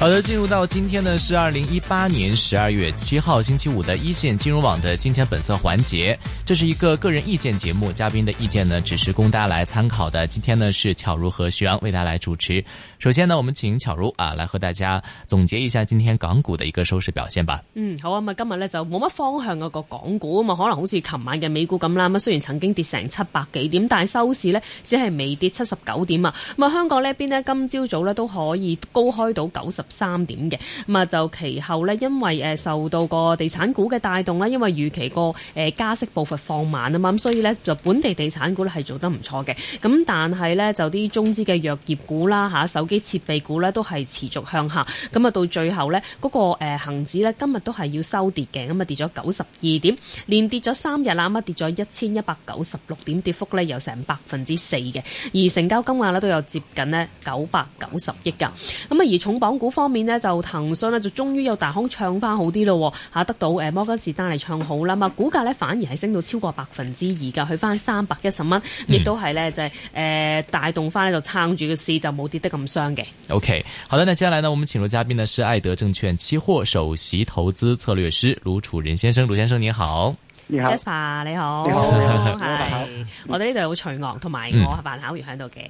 好的，進入到今天呢是二零一八年十二月七號星期五的一線金融網的金錢本色環節，這是一個個人意見節目，嘉賓的意見呢只是供大家來參考的。今天呢是巧如和徐昂為大家來主持。首先呢，我們請巧如啊來和大家總結一下今天港股的一個收市表現吧。嗯，好啊，今日呢，就冇乜方向個港股啊嘛，可能好似琴晚嘅美股咁啦，咁雖然曾經跌成七百幾點，但收市呢，只係微跌七十九點啊。咁啊，香港呢邊呢今朝早呢，都可以高開到九十三點嘅咁啊，就其後呢，因為誒受到個地產股嘅帶動啦，因為預期個誒加息步伐放慢啊嘛，咁所以呢，就本地地產股呢係做得唔錯嘅。咁但係呢，就啲中資嘅藥業股啦、吓手機設備股呢，都係持續向下。咁啊到最後呢，嗰個誒恒指呢，今日都係要收跌嘅，咁啊跌咗九十二點，連跌咗三日啦，咁啊跌咗一千一百九十六點，跌幅呢有成百分之四嘅。而成交金額呢，都有接近呢九百九十億噶。咁啊而重磅股。方面呢，就騰訊呢，就終於有大空唱翻好啲咯吓，得到誒摩根士丹利唱好啦嘛，股價呢反而係升到超過百分之二噶，去翻三百一十蚊，亦都係呢、嗯，就係誒帶動翻呢就撐住個市就冇跌得咁傷嘅。OK，好啦。那接下來呢，我們請到嘉賓呢是愛德證券期貨首席投資策略師盧楚仁先生，盧先生你好。你 Jasper 你好，你好，你好，我哋呢度有徐昂同埋我范巧如喺度嘅，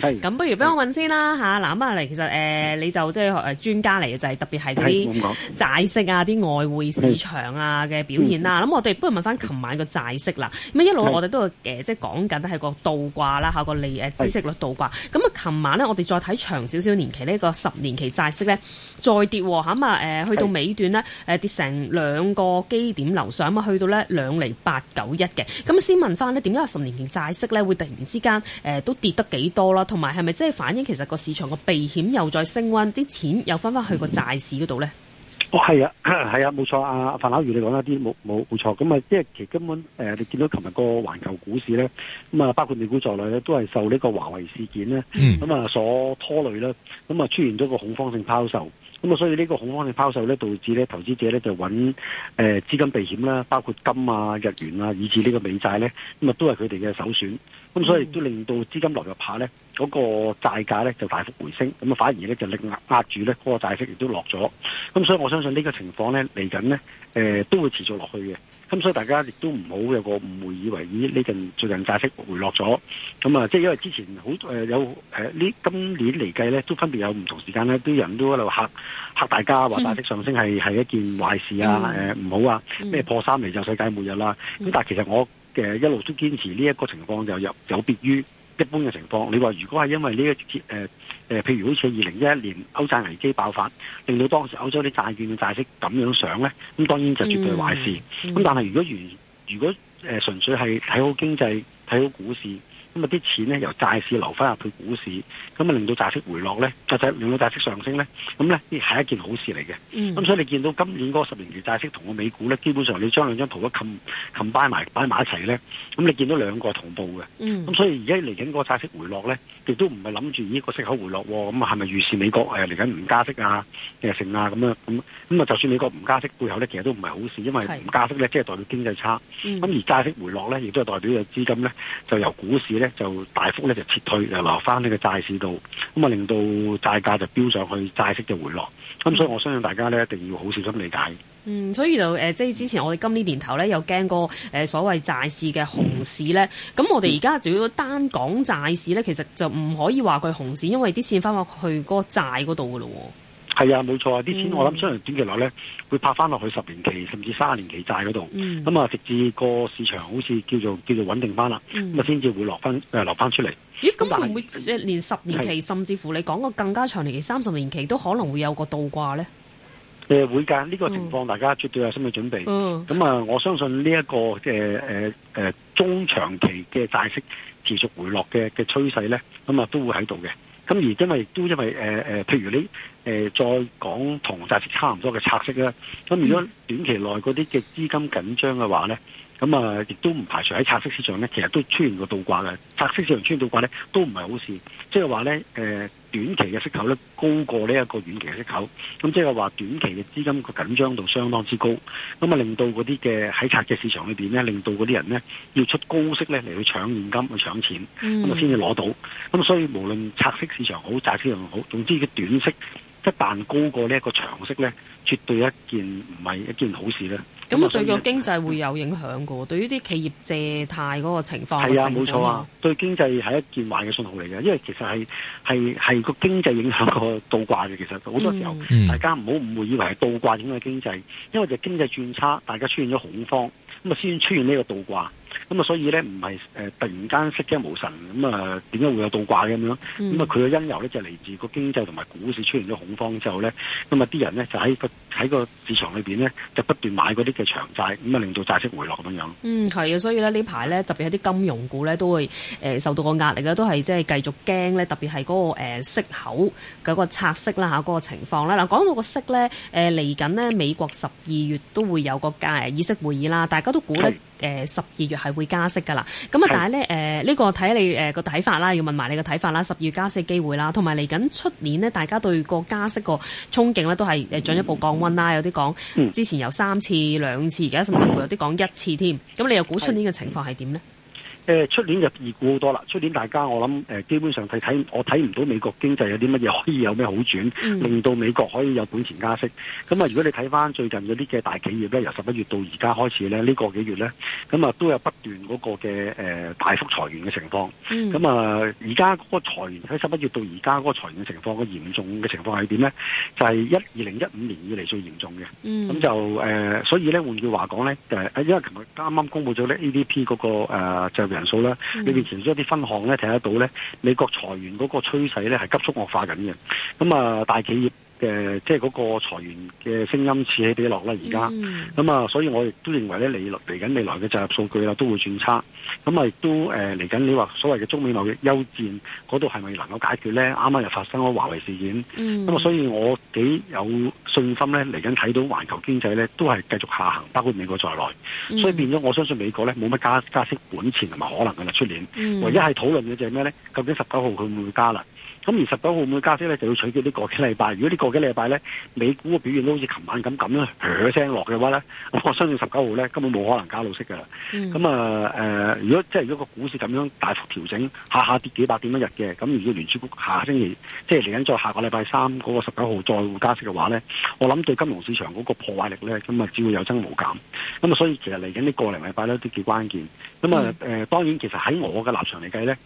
咁、嗯、不如俾我問先啦吓，嗱、嗯、咁啊嚟，其實誒、呃、你就即係誒專家嚟嘅、就是，就係特別係啲債息啊，啲外匯市場啊嘅表現啦、啊，咁、嗯、我哋不如問翻琴晚個債息啦，咁、嗯、一路我哋都誒即係講緊係個倒掛啦，下個利誒孳息率倒掛，咁啊琴晚咧我哋再睇長少少年期呢、那個十年期債息咧再跌喎。咁啊誒去到尾段咧誒跌成兩個基點樓上，咁啊去到咧。兩厘八九一嘅，咁先問翻咧，點解十年期債息咧會突然之間誒、呃、都跌得幾多啦？同埋係咪即係反映其實個市場個避險又再升溫，啲錢又翻翻去個債市嗰度咧？哦，係啊，係啊，冇錯啊，范巧如你講得啲冇冇冇錯，咁啊即係其實根本誒、呃，你見到琴日個環球股市咧咁啊，包括美股在內咧都係受呢個華為事件咧咁啊所拖累啦，咁啊出現咗個恐慌性拋售。咁、嗯、啊，所以呢個恐慌性拋售咧，導致呢投資者就找就揾、呃、資金避險啦，包括金啊、日元啊，以致呢個美債呢，咁啊都係佢哋嘅首選。咁、嗯、所以都令到資金落入下咧，嗰、那個債價咧就大幅回升，咁啊反而咧就力壓，壓住咧嗰、那個債息亦都落咗。咁所以我相信呢個情況咧嚟緊咧都會持續落去嘅。咁所以大家亦都唔好有個誤會，以為呢陣最近債息回落咗，咁啊即係因為之前好、呃、有呢、呃、今年嚟計咧，都分別有唔同時間咧，啲人都喺度嚇嚇大家話債息上升係、嗯、一件壞事啊唔、呃、好啊咩、嗯、破三釐就世界末日啦、啊。咁但係其實我嘅一路都堅持呢一個情況，就有有別於一般嘅情況。你話如果係因為呢一誒誒、呃，譬如好似二零一一年歐債危機爆發，令到當時歐洲啲債券嘅債息咁樣上呢，咁當然就絕對壞事。咁、嗯嗯、但係如果如如果誒純粹係睇好經濟、睇好股市。咁啊！啲錢咧由債市流翻入去股市，咁啊令到債息回落咧，或、啊、令到債息上升咧，咁咧係一件好事嚟嘅。咁、嗯、所以你見到今年嗰十年期債息同個美股咧，基本上你將兩張圖一冚冚擺埋擺埋一齊咧，咁你見到兩個同步嘅。咁、嗯、所以而家嚟緊嗰個債息回落咧，亦都唔係諗住呢個息口回落喎。咁啊，係咪預示美國誒嚟緊唔加息啊？成啊咁樣咁。咁啊，啊就算美國唔加息，背後咧其實都唔係好事，因為唔加息咧即係代表經濟差。咁、嗯、而債息回落咧，亦都係代表有資金咧就由股市咧。就大幅咧就撤退，又留翻呢個債市度，咁啊令到債價就飆上去，債息就回落。咁所以我相信大家呢，一定要好小心理解。嗯，所以就誒、呃，即係之前我哋今年年呢年頭咧有驚過誒、呃、所謂債市嘅熊市咧，咁、嗯、我哋而家主要單講債市咧，其實就唔可以話佢熊市，因為啲錢翻落去個債嗰度噶咯。係啊，冇錯啊！啲錢我諗將來短期內咧、嗯，會拍翻落去十年期甚至卅年期債嗰度，咁、嗯、啊直至個市場好似叫做叫做穩定翻啦，咁啊先至會落翻誒落翻出嚟。咦？咁會唔會即係連十年期甚至乎你講個更加長年期三十年期都可能會有個倒掛咧？誒、呃，會噶呢、這個情況大家絕對有心理準備。咁、嗯、啊，嗯、我相信呢、這、一個嘅誒誒中長期嘅債息持續回落嘅嘅趨勢咧，咁啊、呃、都會喺度嘅。咁而因為都因為誒誒、呃呃，譬如你。誒，再講同扎息差唔多嘅拆息啦。咁如果短期內嗰啲嘅資金緊張嘅話咧？咁啊，亦都唔排除喺拆息市場咧，其實都出現過倒掛嘅。拆息市場出現倒掛咧，都唔係好事。即係話咧，誒短期嘅息口咧高過呢一個遠期嘅息口，咁即係話短期嘅資金個緊張度相當之高，咁啊令到嗰啲嘅喺拆嘅市場裏面咧，令到嗰啲人咧要出高息咧嚟去搶現金、去搶錢，咁啊先至攞到。咁、嗯、所以無論拆息市場好、債息市場好，總之嘅短息一旦高過呢一個長息咧，絕對一件唔係一件好事啦。咁啊，對個經濟會有影響噶，對於啲企業借貸嗰個情況係啊，冇錯啊，對經濟係一件壞嘅信號嚟嘅，因為其實係係係個經濟影響個倒掛嘅，其實好多時候、嗯、大家唔好誤會以為係倒掛影響經濟，因為就經濟轉差，大家出現咗恐慌，咁啊先出現呢個倒掛。咁啊，所以咧唔係誒突然間失驚無神，咁啊點解會有倒掛咁樣。咁啊，佢嘅因由咧就係嚟自個經濟同埋股市出現咗恐慌之後咧，咁啊啲人咧就喺個喺個市場裏面咧就不斷買嗰啲嘅長債，咁、嗯、啊令到債息回落咁樣。嗯，係啊，所以呢，呢排咧特別係啲金融股咧都會、呃、受到個壓力啦，都係即係繼續驚咧，特別係嗰個息口嗰、嗰個拆息啦嚇嗰個情況啦。嗱，講到個息咧，誒嚟緊呢，美國十二月都會有個加議息會議啦，大家都估誒十二月係會加息㗎啦，咁啊但係咧誒呢、呃呢個睇你誒個睇法啦，要問埋你個睇法啦，十二月加息機會啦，同埋嚟緊出年呢，大家對個加息個憧憬呢，都係誒進一步降溫啦，有啲講之前有三次兩次而家甚至乎有啲講一次添，咁你又估出年嘅情況係點呢？誒出年就易估好多啦！出年大家我諗基本上睇睇，我睇唔到美國經濟有啲乜嘢可以有咩好轉、嗯，令到美國可以有本錢加息。咁啊，如果你睇翻最近嗰啲嘅大企業咧，由十一月到而家開始咧，呢、這個幾月咧，咁啊都有不斷嗰個嘅大幅裁員嘅情況。咁、嗯、啊，而家嗰個裁員，喺十一月到而家嗰個裁員嘅情況嘅嚴重嘅情況係點咧？就係一二零一五年以嚟最嚴重嘅。咁、嗯、就誒、呃，所以咧換句話講咧誒，因為琴日啱啱公布咗呢 A D P 嗰、那個、呃、就是。人數啦，你連其中一啲分項咧睇得到咧，美國裁員嗰個趨勢咧係急速惡化緊嘅，咁啊大企業。嘅、呃、即係嗰個裁員嘅聲音此起彼落啦，而家咁啊，所以我亦都認為咧，嚟嚟緊未來嘅就業數據啦，都會轉差。咁啊，都誒嚟緊，你話所謂嘅中美貿易優戰嗰度係咪能夠解決咧？啱啱又發生咗華為事件。咁、嗯、啊，所以我幾有信心咧，嚟緊睇到環球經濟咧都係繼續下行，包括美國在內。所以變咗，我相信美國咧冇乜加加息本錢同埋可能嘅出年，嗯、唯一係討論嘅就係咩咧？究竟十九號佢會唔會加啦？咁而十九號會唔會加息咧？就要取決呢個幾禮拜。如果個呢個幾禮拜咧，美股嘅表現都好似琴晚咁咁樣響聲落嘅話咧，我相信十九號咧根本冇可能加到息㗎。咁、嗯、啊、呃、如果即係如果個股市咁樣大幅調整，下下跌幾百點一日嘅，咁如果聯儲局下星期即係嚟緊再下個禮拜三嗰個十九號再會加息嘅話咧，我諗對金融市場嗰個破壞力咧，咁啊只會有增無減。咁啊，所以其實嚟緊呢個零禮拜咧都幾關鍵。咁啊、呃、當然其實喺我嘅立場嚟計咧。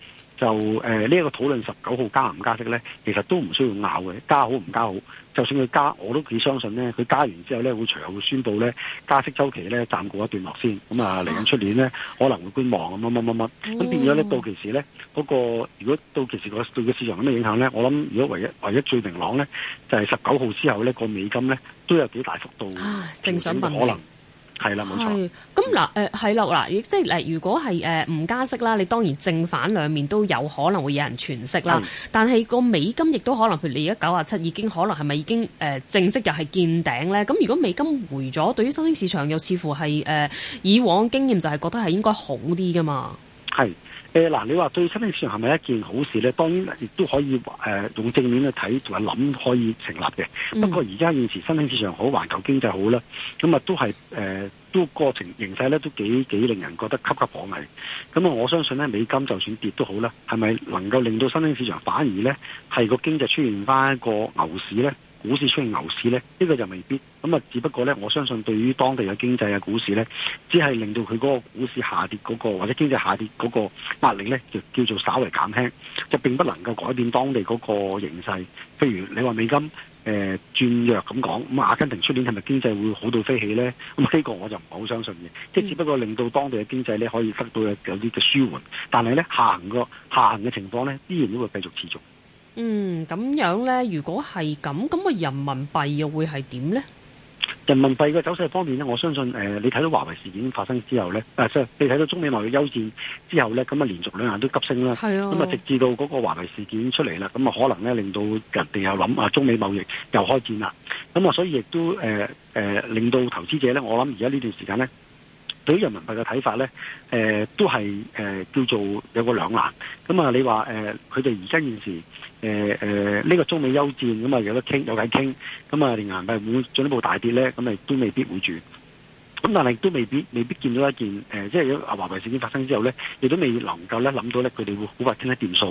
就誒呢一個討論十九號加唔加息咧，其實都唔需要拗嘅，加好唔加好，就算佢加，我都幾相信咧，佢加完之後咧會隨後會宣佈咧加息周期咧暫告一段落先。咁啊嚟緊出年咧可能會觀望咁乜乜乜乜咁，變咗咧到期時咧嗰個如果到期時個對個市場有咩影響咧，我諗如果唯一唯一最明朗咧就係十九號之後咧個美金咧都有幾大幅度啊正想問可能。係啦，冇錯。咁嗱，誒，係、呃、啦，嗱，亦即係誒，如果係誒唔加息啦，你當然正反兩面都有可能會有人詮釋啦。但係個美金亦都可能，譬如你而家九啊七，已經可能係咪已經誒、呃、正式又係見頂咧？咁如果美金回咗，對於新興市場又似乎係誒、呃、以往經驗就係覺得係應該好啲噶嘛？係。誒、啊、嗱，你話對新興市場係咪一件好事呢？當然亦都可以誒、呃、用正面去睇同埋諗可以成立嘅。不過而家現時新興市場好，全球經濟好啦，咁、嗯、啊都係誒、呃、都過程形勢咧都幾幾令人覺得岌岌可危。咁、嗯、啊，我相信咧美金就算跌都好啦，係咪能夠令到新興市場反而呢？係個經濟出現翻一個牛市呢？股市出現牛市呢，呢、呢個就未必咁啊！只不過呢，我相信對於當地嘅經濟嘅股市呢，只係令到佢嗰個股市下跌嗰、嗰個或者經濟下跌嗰個壓力呢，就叫做稍微減輕，就並不能夠改變當地嗰個形勢。譬如你話美金誒、呃、轉弱咁講，咁阿根廷出年係咪經濟會好到飛起呢？咁呢個我就唔係好相信嘅。即係只不過令到當地嘅經濟呢，可以得到有啲嘅舒緩，但係呢，下行個下行嘅情況呢，依然都會繼續持續。嗯，咁樣咧，如果係咁，咁啊，人民幣又會係點咧？人民幣嘅走勢方面咧，我相信誒、呃，你睇到華為事件發生之後咧，誒、呃，即係你睇到中美貿易休戰之後咧，咁啊，連續兩下都急升啦。係啊，咁啊，直至到嗰個華為事件出嚟啦，咁啊，可能咧令到人哋又諗啊，中美貿易又開戰啦。咁啊，所以亦都誒誒、呃呃，令到投資者咧，我諗而家呢段時間咧，對於人民幣嘅睇法咧，誒、呃，都係誒、呃、叫做有個兩難。咁啊，你話誒，佢哋而家現時。誒、呃、誒，呢、這個中美休戰，咁啊，有得傾有偈傾，咁啊，連、嗯呃、人民幣會進一步大跌咧，咁亦都未必會轉。咁但係都未必未必見到一件誒、呃，即係華為事件發生之後咧，亦都未能夠咧諗到咧，佢哋會好快傾一掂數。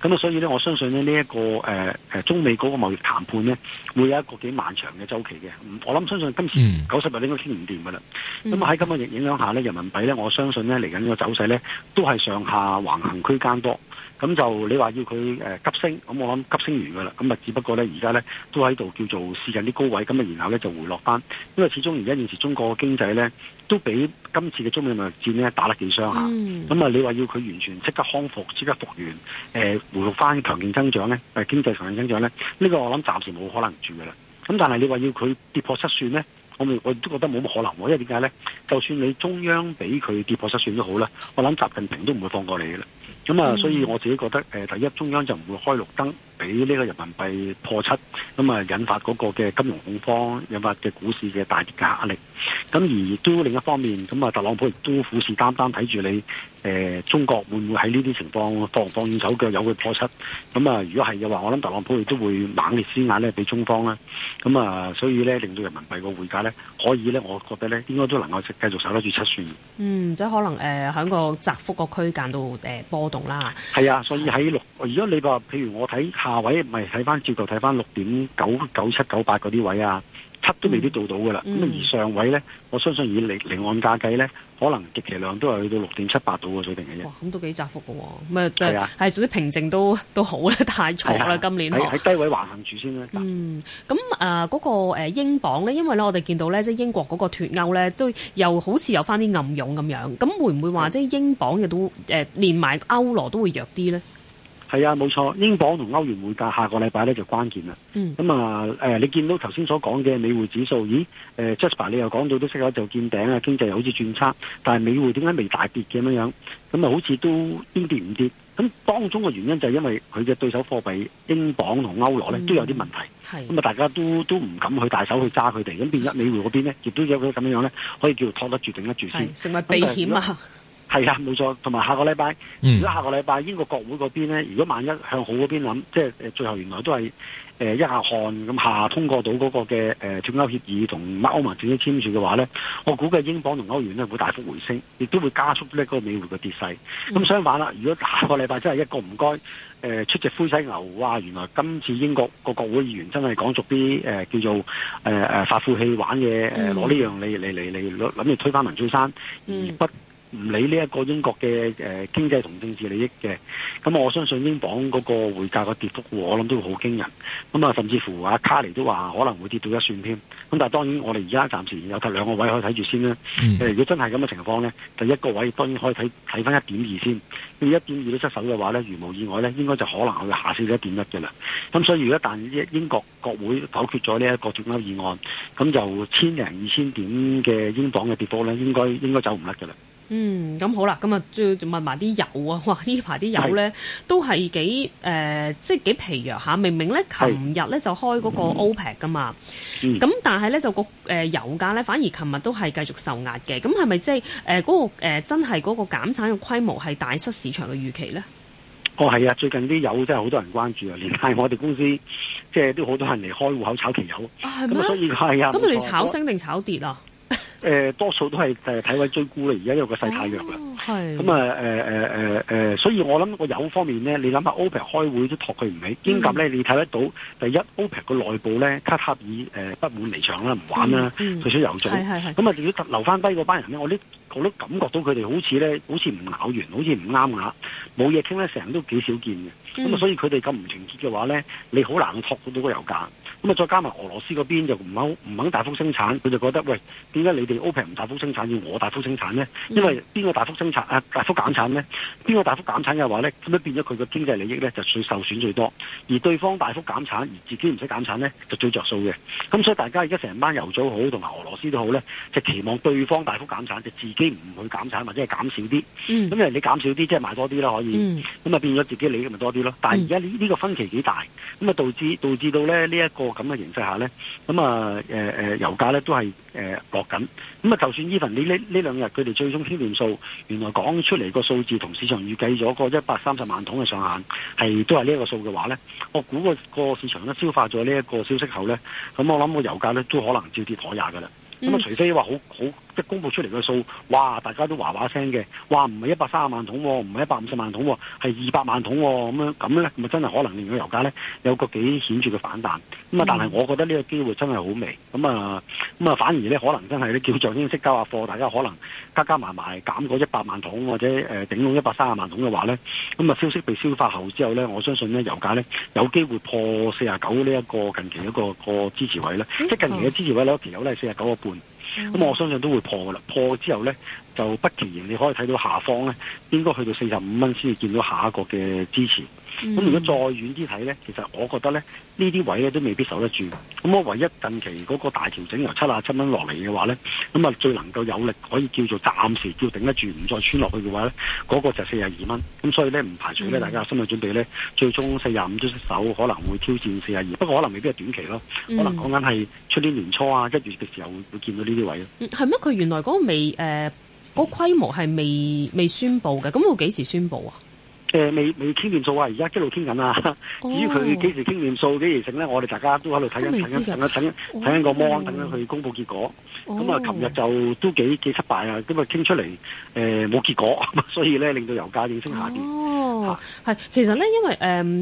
咁、嗯、啊，所以咧，我相信呢一、這個誒誒、呃、中美嗰個貿易談判咧，會有一個幾漫長嘅週期嘅。我諗相信今次九十日應該傾唔掂噶啦。咁啊喺今日影響下咧，人民幣咧，我相信咧嚟緊個走勢咧，都係上下橫行區間多。咁就你話要佢誒急升，咁我諗急升完噶啦。咁啊，只不過咧，而家咧都喺度叫做試緊啲高位，咁啊，然後咧就回落翻。因為始終而家現時中國經濟咧都俾今次嘅中美貿易戰咧打得幾傷下。咁、嗯、啊，你話要佢完全即刻康復、即刻復原、呃、回復翻強勁增長咧、啊，經濟強勁增長咧，呢、呢個我諗暫時冇可能住噶啦。咁但係你話要佢跌破失算咧，我我亦都覺得冇乜可能。因為點解咧？就算你中央俾佢跌破失算都好啦，我諗習近平都唔會放過你噶啦。咁、嗯、啊，所以我自己覺得，誒第一中央就唔會開綠燈，俾呢個人民幣破七，咁啊引發嗰個嘅金融恐慌，引發嘅股市嘅大跌嘅壓力。咁而亦都另一方面，咁啊特朗普亦都虎視眈眈睇住你，誒中國會唔會喺呢啲情況放唔放鬆手腳，有冇破七？咁啊，如果係嘅話，我諗特朗普亦都會猛烈施壓咧，俾中方啦。咁啊，所以咧令到人民幣個匯價咧，可以咧，我覺得咧應該都能夠繼續守得住七算。嗯，即係可能誒響、呃、個窄幅個區間度誒波動。啦，係啊，所以喺六，如果你話，譬如我睇下位，唔係睇翻，照度，睇翻六點九九七九八嗰啲位啊。七都未必，必做到㗎喇。咁、嗯、而上位咧，我相信以嚟離，離岸價計咧，可能極其量都係去到六點七八度嘅水平嘅啫。哇，咁都幾窄幅㗎喎。咁啊，即係係總之平靜都都好咧，太嘈啦、啊！今年喺、啊啊、低位橫行住先啦。嗯，咁啊嗰個英鎊咧，因為咧我哋見到咧，即係英國嗰個脫歐咧、嗯，即又好似有翻啲暗湧咁樣。咁會唔會話即係英鎊亦都誒連埋歐羅都會弱啲咧？係啊，冇錯，英鎊同歐元匯價下個禮拜咧就關鍵啦。嗯。咁啊，誒、呃，你見到頭先所講嘅美匯指數，咦？誒、呃、Jasper 你又講到都識咗做見頂啊，經濟又好似轉差，但係美匯點解未大跌嘅咁樣樣？咁啊，好似都邊跌唔跌？咁當中嘅原因就係因為佢嘅對手貨幣英鎊同歐羅咧都有啲問題。係、嗯。咁啊，大家都都唔敢去大手去揸佢哋，咁變咗美匯嗰邊咧，亦都有佢咁樣樣咧，可以叫拖得住頂得住先，成為避險啊。係啊，冇錯。同埋下個禮拜，如果下個禮拜英國國會嗰邊呢，如果萬一向好嗰邊諗，即係最後原來都係、呃、一下汗咁下，下通過到嗰個嘅誒脱歐協議同歐盟正式簽署嘅話呢，我估嘅英鎊同歐元呢會大幅回升，亦都會加速呢、嗰個美匯嘅跌勢。咁相反啦，如果下個禮拜真係一個唔該、呃、出隻灰犀牛啊，原來今次英國個國會議員真係講俗啲誒叫做誒、呃、發富氣玩嘅攞呢樣嚟嚟嚟嚟諗住推翻文翠珊而不唔理呢一個英國嘅誒經濟同政治利益嘅，咁我相信英鎊嗰個匯價嘅跌幅，我諗都會好驚人。咁啊，甚至乎阿卡尼都話可能會跌到一算添。咁但係當然，我哋而家暫時有得兩個位可以睇住先啦、嗯。如果真係咁嘅情況呢，第一個位當然可以睇睇翻一點二先。如果一點二都失守嘅話呢，如無意外呢，應該就可能會下消一點一嘅啦。咁所以，如果一旦英國國會否決咗呢一個脱歐議案，咁就千零二千點嘅英鎊嘅跌幅呢，應該應該走唔甩嘅啦。嗯，咁好啦，咁啊，再問埋啲油啊，哇！呢排啲油咧都係幾誒、呃，即係幾疲弱下明明咧，琴日咧就開嗰個 OPEC 噶嘛，咁、嗯、但係咧就個油價咧反而琴日都係繼續受壓嘅。咁係咪即係誒嗰個、呃、真係嗰個減產嘅規模係大失市場嘅預期咧？哦，係啊，最近啲油真係好多人關注啊，連帶我哋公司即係都好多人嚟開戶口炒期油。啊係咩？係啊。咁你炒升定炒跌啊？誒多數都係誒睇位追沽啦，而家因為個細太弱啦，咁啊誒誒所以我諗個油方面咧，你諗下 OPEC 開會都托佢唔起，兼夾咧你睇得到，第一 OPEC 個內部咧卡塔爾不滿離場啦，唔玩啦，退、mm. 出油壇，咁啊，如、嗯、果、嗯、留翻低嗰班人咧，我都我都感覺到佢哋好似咧，好似唔咬完，好似唔啱咬，冇嘢傾咧，成日都幾少見嘅。咁啊，所以佢哋咁唔團結嘅話咧，你好難托到個油價。咁啊，再加埋俄羅斯嗰邊就唔肯唔肯大幅生產，佢就覺得喂，點解你哋 open 唔大幅生產，要我大幅生產呢？因為邊個大幅生產啊？大幅減產呢？邊個大幅減產嘅話呢？咁樣變咗佢個經濟利益呢就最受損最多。而對方大幅減產，而自己唔使減產呢就最着數嘅。咁所以大家而家成班油組好同埋俄羅斯都好呢，就期望對方大幅減產，就自己唔去減產或者係減少啲。咁、嗯、因為你減少啲即係賣多啲啦，可以。咁啊變咗自己利益咪多啲咯。但係而家呢呢個分歧幾大，咁啊導致導致到呢一個。咁嘅形勢下咧，咁啊誒誒，油價咧都係誒落緊。咁啊，就算依份你呢呢兩日佢哋最終簽定數，原來講出嚟個數字同市場預計咗個一百三十萬桶嘅上限，係都係呢一個數嘅話咧，我估個個市場咧消化咗呢一個消息後咧，咁我諗個油價咧都可能照跌妥廿㗎啦。咁啊，除非話好好。即公布出嚟嘅數，哇！大家都話話聲嘅，話唔係一百三十萬桶、哦，唔係一百五十萬桶、哦，係二百萬桶咁、哦、樣呢，咁咧咪真係可能令到油價咧有個幾顯著嘅反彈。咁啊，但係我覺得呢個機會真係好微。咁、嗯、啊，咁、嗯、啊，反而咧可能真係咧叫像應息交下貨，大家可能加加埋埋減咗一百萬桶或者誒頂到一百三十萬桶嘅話咧，咁啊消息被消化後之後咧，我相信咧油價咧有機會破四十九呢一個近期一個個支持位咧、嗯，即近期嘅支持位咧，其、嗯、實有咧係四十九個半。咁我相信都會破噶啦，破之後咧就不期然你可以睇到下方咧應該去到四十五蚊先至見到下一個嘅支持。咁、嗯、如果再遠啲睇咧，其實我覺得咧，呢啲位咧都未必守得住。咁我唯一近期嗰個大調整由七十七蚊落嚟嘅話咧，咁啊最能夠有力可以叫做暫時叫頂得住，唔再穿落去嘅話咧，嗰、那個就四十二蚊。咁所以咧唔排除咧，大家心理準備咧、嗯，最終四十五隻手可能會挑戰四十二。不過可能未必係短期咯、嗯，可能講緊係出年年初啊一月嘅時候會見到呢啲位。係咩？佢原來嗰個未誒嗰、呃那個、規模係未未宣佈嘅，咁會幾時宣佈啊？誒、呃，未未傾完數啊！而家一路傾緊啊！至於佢幾時傾完數幾時成呢？我哋大家都喺度睇緊、睇緊、等緊、等一等一個 mon，、oh. 等緊去公布結果。咁啊，琴日就都幾幾失敗啊！今日，傾出嚟，誒冇結果，所以呢，令到油價應聲下跌。Oh. 係、哦，其實咧，因為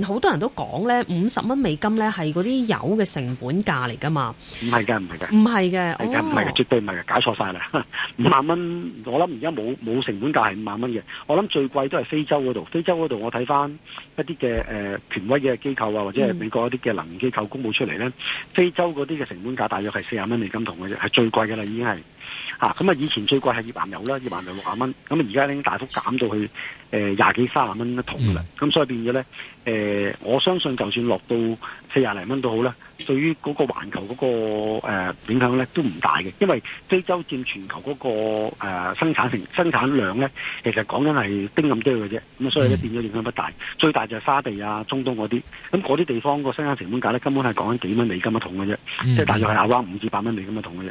誒、好、呃、多人都講咧，五十蚊美金咧係嗰啲油嘅成本價嚟噶嘛？唔係噶，唔係噶，唔係嘅，唔係嘅，絕對唔係嘅，解錯晒啦！五萬蚊，我諗而家冇冇成本價係五萬蚊嘅，我諗最貴都係非洲嗰度。非洲嗰度我睇翻一啲嘅誒權威嘅機構啊，或者係美國一啲嘅能源機構公布出嚟咧、嗯，非洲嗰啲嘅成本價大約係四十蚊美金同嘅，係最貴噶啦，已經係。吓咁啊！以前最貴係二萬油啦，二萬油六啊蚊。咁啊，而家已經咧大幅減到去誒廿幾卅十蚊一桶啦。咁、嗯、所以變咗咧，誒、呃，我相信就算落到四廿零蚊都好啦，對於嗰個環球嗰、那個誒、呃、影響咧都唔大嘅。因為非洲占全球嗰、那個誒、呃、生產成生產量咧，其實講緊係丁咁多嘅啫。咁啊，所以咧變咗影響不大、嗯。最大就係沙地啊、中東嗰啲。咁嗰啲地方個生產成本價咧，根本係講緊幾蚊美金一桶嘅啫，即、嗯、係、就是、大約係亞灣五至八蚊美金一桶嘅啫。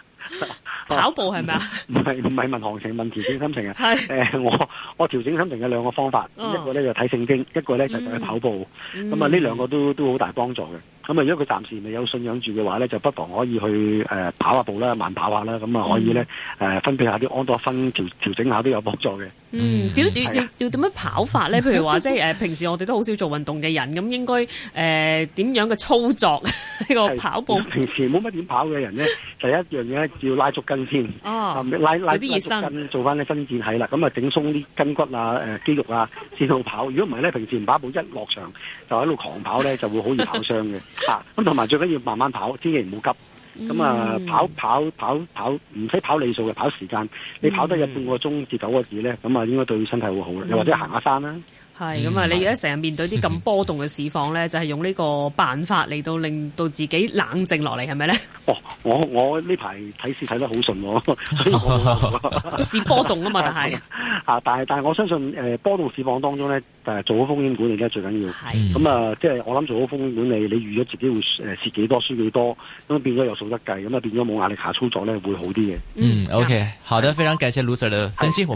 跑步係咪啊？唔係唔係問行情，問調整心情啊。係、 呃，誒我我調整心情嘅兩個方法， 一個咧就睇聖經，一個咧就去跑步。咁啊呢兩個都都好大幫助嘅。咁啊！如果佢暫時未有信仰住嘅話咧，就不妨可以去誒、呃、跑下步啦，慢跑下啦，咁啊可以咧誒分配一下啲安多芬，調調整一下都有幫助嘅。嗯，點要點樣跑法咧？譬如話，即係誒平時我哋都好少做運動嘅人，咁應該誒點、呃、樣嘅操作呢個 跑步？平時冇乜點跑嘅人咧，第 一樣嘢要拉足筋先。哦、啊，拉拉啲熱身做翻啲伸展係啦。咁啊，整鬆啲筋骨啊、誒肌肉啊，先好跑。如果唔係咧，平時唔跑步，一落場就喺度狂跑咧，就會好易跑傷嘅。 咁同埋最緊要慢慢跑，千祈唔好急。咁啊，跑跑跑跑，唔使跑里數嘅，跑時間。你跑得有半個鐘至九個字咧，咁啊，應該對身體會好好啦。又、嗯、或者行下山啦、啊。係咁啊！你而家成日面對啲咁波動嘅市況咧、嗯，就係、是、用呢個辦法嚟到令到自己冷靜落嚟，係咪咧？哦，我我呢排睇市睇得好順順順， 所市以我 波動啊嘛，但係、啊啊啊啊啊、但係但係我相信誒、呃，波動市況當中咧，誒、啊、做好風險管理最緊要。咁啊，即係我諗做好風險管理，你預咗自己會誒蝕幾多，輸幾多，咁變咗有數得計，咁啊變咗冇壓力下操作咧，會好啲嘅。嗯，嗯，嗯，OK，好的，非常感謝盧 Sir 嘅分析。